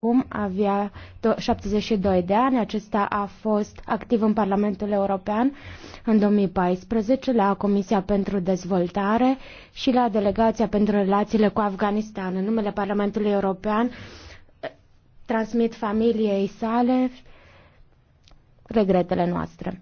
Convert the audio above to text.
Acum avea 72 de ani, acesta a fost activ în Parlamentul European în 2014 la Comisia pentru Dezvoltare și la Delegația pentru Relațiile cu Afganistan. În numele Parlamentului European eh, transmit familiei sale regretele noastre.